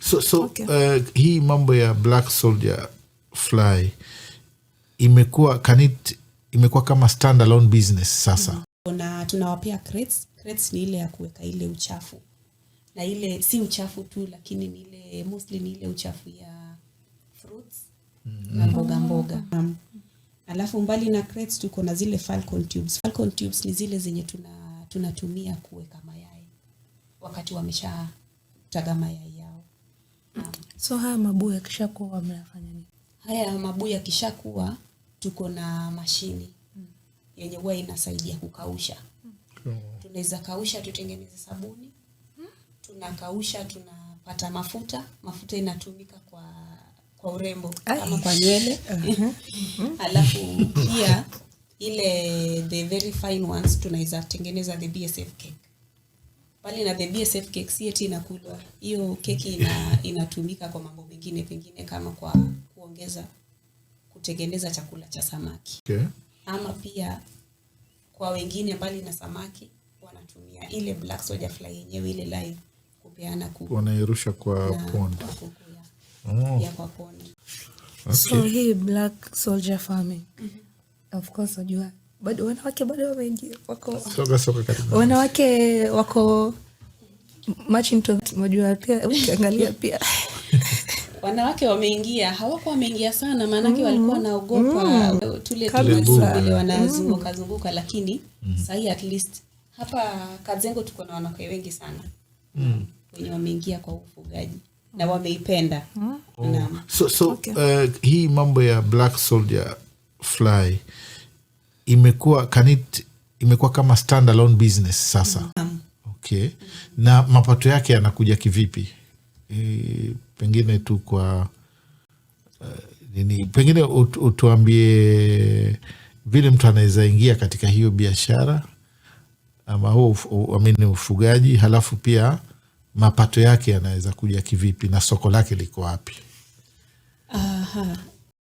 so, so okay. Uh, hii mambo ya Black Soldier Fly imekuwa kanit imekuwa kama standalone business sasa. Na tunawapea crates. Crates ni ile ya kuweka ile uchafu na ile si uchafu tu, lakini ni ile mostly ni ile uchafu ya fruits mm -hmm. na mm-hmm. mboga mboga um, alafu mbali na crates tuko na zile falcon tubes. Falcon tubes ni zile zenye tuna tunatumia kuweka mayai wakati wameshataga mayai yao. So haya mabuyu yakishakuwa mnafanya nini? Haya mabuyu yakishakuwa, tuko na mashini mm. yenye huwa inasaidia kukausha mm. tunaweza kausha tutengeneze sabuni mm. tunakausha tunapata mafuta. Mafuta inatumika kwa kwa urembo kama kwa nywele hmm. alafu pia ile the very fine ones tunaweza tengeneza the BSF cake mbali na the BSF cake si eti inakulwa. Hiyo keki ina, inatumika kwa mambo mengine pengine kama kwa kuongeza kutengeneza chakula cha samaki. Okay. Ama pia kwa wengine mbali na samaki wanatumia ile black soldier fly yenyewe ile live kupeana kuku. Wanairusha kwa pond. Kwa kuku ya. Oh. Ya kwa pond. Okay. So hii black soldier farming. Mm -hmm. Of course unajua bado wanawake bado wako wanawake wako mojua, pia ukiangalia pia wanawake wameingia, hawako wameingia sana, maanake mm. walikuwa wanaogopa mm. tule vile wanazunguka mm. zunguka, lakini mm. sahii at least hapa Kazengo tuko na wanawake wengi sana mm. wenye wameingia kwa ufugaji na wameipenda mm. oh. so, so, okay. uh, hii mambo ya black soldier fly imekuwa Kanit imekuwa kama standalone business sasa. mm -hmm. Okay, na mapato yake yanakuja kivipi? E, pengine tu kwa uh, pengine ut, utuambie vile mtu anaweza ingia katika hiyo biashara ama huo amini ufugaji, halafu pia mapato yake yanaweza kuja kivipi na soko lake liko wapi?